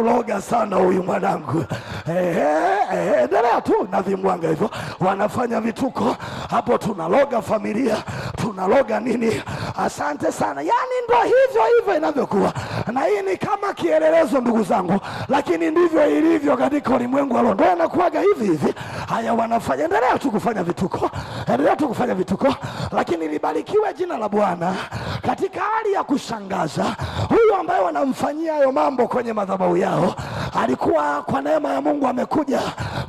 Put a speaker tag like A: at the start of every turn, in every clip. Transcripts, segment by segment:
A: anatuloga sana huyu mwanangu. Endelea tu na vimwanga hivyo, wanafanya vituko hapo, tunaloga familia, tunaloga nini. Asante sana. Yani ndo hivyo hivyo inavyokuwa, na hii ni kama kielelezo ndugu zangu, lakini ndivyo ilivyo katika ulimwengu wa roho, ndo yanakuwaga hivi hivi. Haya, wanafanya endelea tu kufanya vituko endelea tu kufanya vituko, lakini libarikiwe jina la Bwana katika hali ya kushangaza. Huyu ambaye wanamfanyia hayo mambo kwenye madhabahu yao alikuwa kwa neema ya Mungu amekuja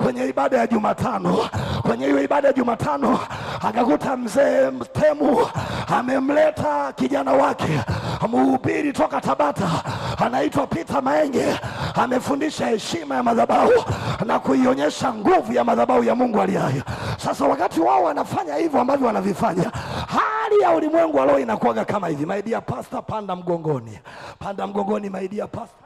A: kwenye ibada ya Jumatano. Kwenye hiyo ibada ya Jumatano akakuta mzee Mtemu amemleta kijana wake mhubiri toka Tabata anaitwa Peter Maenge, amefundisha heshima ya madhabahu na kuionyesha nguvu ya madhabahu ya Mungu aliye hai. Sasa wakati wao wanafanya hivyo ambavyo wanavifanya, hali ya ulimwengu wa roho kama hivi. My dear pastor, panda mgongoni, panda mgongoni, my dear pastor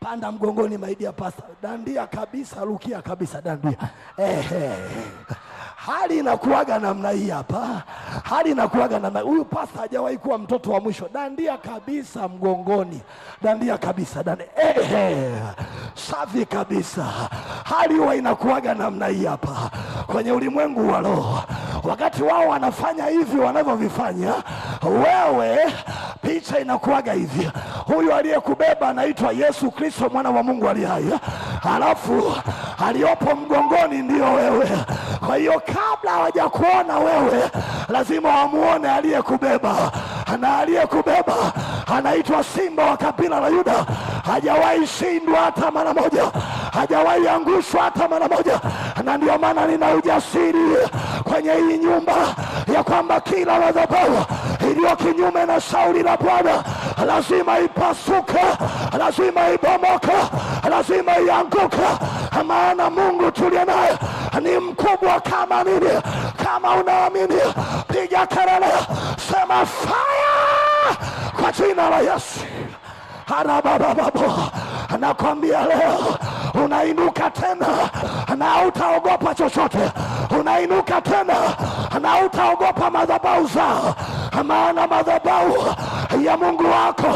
A: panda mgongoni, maidia pasta dandia kabisa, rukia kabisa, dandia eh, eh. Hali inakuaga namna hii hapa, hali inakuaga namna. Huyu pasta hajawahi kuwa mtoto wa mwisho. Dandia kabisa mgongoni, dandia kabisa, dandia eh. safi kabisa. Hali huwa inakuaga namna hii hapa kwenye ulimwengu wa roho. Wakati wao wanafanya hivi wanavyovifanya, wewe picha inakuwaga hivi, huyu aliyekubeba anaitwa Yesu Kristo mwana wa Mungu aliye hai, halafu aliyopo mgongoni ndiyo wewe. Kwa hiyo kabla hawajakuona wewe, lazima wamuone aliyekubeba, na aliyekubeba anaitwa Simba wa kabila la Yuda, hajawahi shindwa hata mara moja hajawahi angushwa hata mara moja, na ndio maana nina ujasiri kwenye hii nyumba ya kwamba kila madhabahu iliyo kinyume na shauri la Bwana lazima ipasuke, lazima ibomoke, lazima ianguke, maana Mungu tuliye naye ni mkubwa kama nini. Kama unaamini piga kelele, sema fire kwa jina la Yesu. Harabababo, nakwambia leo unainuka tena na utaogopa chochote, unainuka tena na utaogopa madhabahu zao, maana madhabahu ya Mungu wako,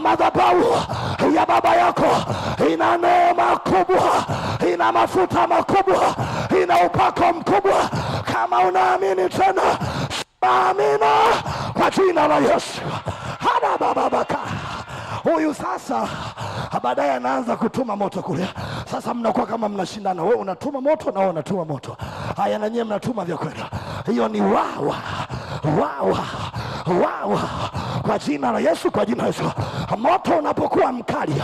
A: madhabahu ya baba yako ina neema kubwa, ina mafuta makubwa, ina upako mkubwa. Kama unaamini tena, amina kwa jina la Yesu. hana baba baka Huyu sasa baadaye anaanza kutuma moto kule. Sasa mnakuwa kama mnashindana, wewe unatuma moto na wewe unatuma moto, haya na mnatuma vya kwenda. Hiyo ni wawa wawa wawa, kwa jina la Yesu, kwa jina la Yesu. Moto unapokuwa mkali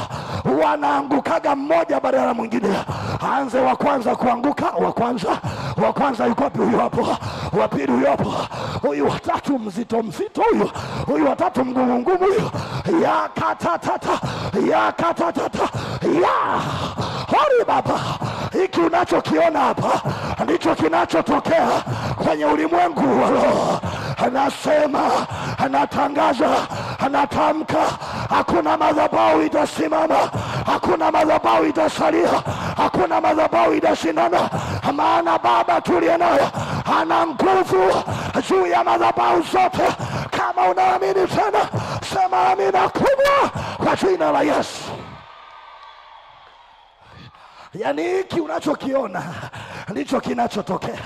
A: wanaangukaga mmoja baada ya mwingine, aanze wa kwanza kuanguka, wa kwanza wa kwanza yuko Huyo hapo, wa pili huyo hapo huyu watatu mzito mzito huyu huyu watatu mgumu ngumu huyu ya katatata ya katatata ya hori baba, hiki unachokiona hapa ndicho kinachotokea kwenye ulimwengu wa roho. Anasema, anatangaza, anatamka, hakuna madhabau itasimama, hakuna madhabau itasalia, hakuna madhabau itashindana, maana Baba tuliye nayo ana nguvu juu ya madhabahu zote. Kama unaamini tena, sema amina kubwa kwa jina la Yesu. Yaani hiki unachokiona ndicho kinachotokea,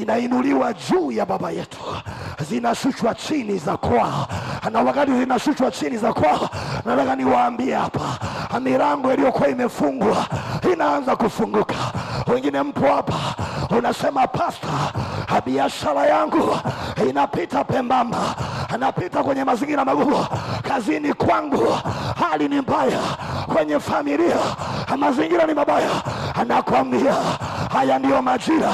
A: inainuliwa juu ya baba yetu, zinashushwa chini za kwao, na wakati zinashushwa chini za kwao, nataka niwaambie hapa, milango iliyokuwa imefungwa inaanza kufunguka. Wengine mpo hapa, unasema pasta biashara yangu inapita pembamba, napita kwenye mazingira magumu. Kazini kwangu hali ni mbaya, kwenye familia mazingira ni mabaya. Nakwambia haya ndiyo majira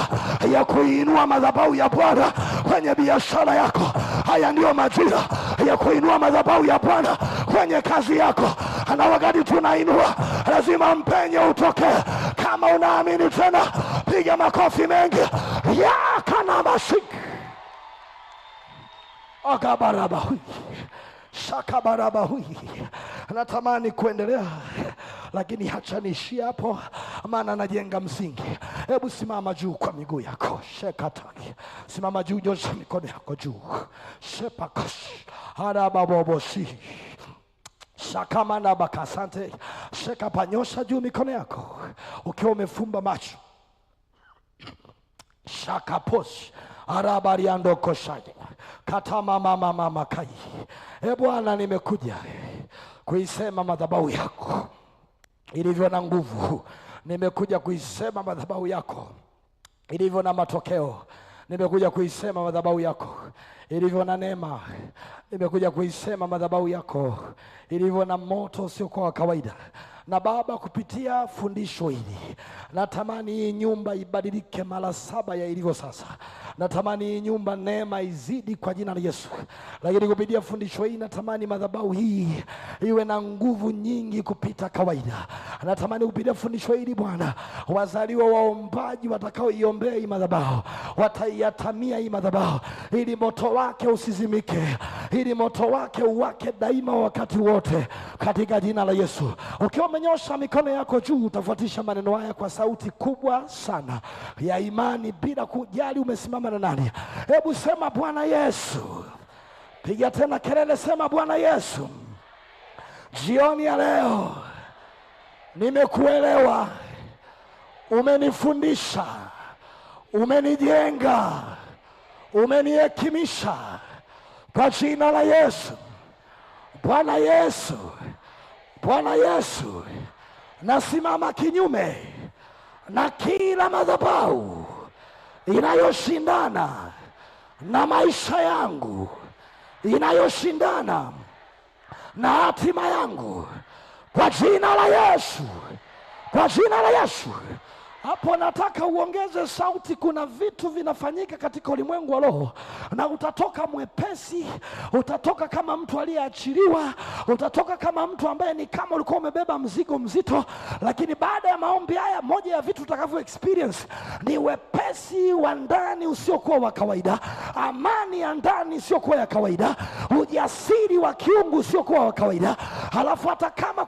A: ya kuinua madhabahu ya Bwana kwenye biashara yako. Haya ndiyo majira ya kuinua madhabahu ya Bwana kwenye kazi yako. Na wakati tunainua, lazima mpenye utokee. Kama unaamini tena, piga makofi mengi yeah! Mamashik Agabarabahui Shakabarabahui. Natamani kuendelea lakini hacha hapo, maana anajenga msingi. Hebu simama juu kwa miguu yako, shekatani, simama juu, nyosha mikono yako juu, shepakosh harababoboshi shakamanabaka, asante shekapanyosha juu mikono yako ukiwa umefumba macho shakaposhi arabariandokoshaye katamamamamamakai E Bwana, nimekuja kuisema madhabahu yako ilivyo na nguvu, nimekuja kuisema madhabahu yako ilivyo na matokeo, nimekuja kuisema madhabahu yako ilivyo na neema, nimekuja kuisema madhabahu yako ilivyo na moto usiokuwa wa kawaida na Baba, kupitia fundisho hili, natamani hii nyumba ibadilike mara saba ya ilivyo sasa. Natamani hii nyumba neema izidi kwa jina la Yesu. Lakini kupitia fundisho hili, natamani madhabahu hii iwe na nguvu nyingi kupita kawaida. Natamani kupitia fundisho hili, Bwana, wazaliwa waombaji watakaoiombea hii madhabahu wataiatamia hii madhabahu, ili moto wake usizimike, ili moto wake uwake daima wakati wote, katika jina la Yesu. Ukiwa umenyosha mikono yako juu, utafuatisha maneno haya kwa sauti kubwa sana ya imani, bila kujali umesimama na nani. Hebu sema Bwana Yesu, piga tena kelele, sema Bwana Yesu, jioni ya leo nimekuelewa, umenifundisha, umenijenga, umenihekimisha kwa jina la Yesu. Bwana Yesu Bwana Yesu, nasimama kinyume na kila madhabahu inayoshindana na maisha yangu, inayoshindana na hatima yangu, kwa jina la Yesu, kwa jina la Yesu. Hapo nataka uongeze sauti. Kuna vitu vinafanyika katika ulimwengu wa roho, na utatoka mwepesi, utatoka kama mtu aliyeachiliwa, utatoka kama mtu ambaye ni kama ulikuwa umebeba mzigo mzito. Lakini baada ya maombi haya, moja ya vitu utakavyo experience ni wepesi wa ndani usiokuwa wa kawaida, amani ya ndani isiyokuwa ya kawaida, ujasiri wa kiungu usiokuwa wa kawaida, halafu hata kama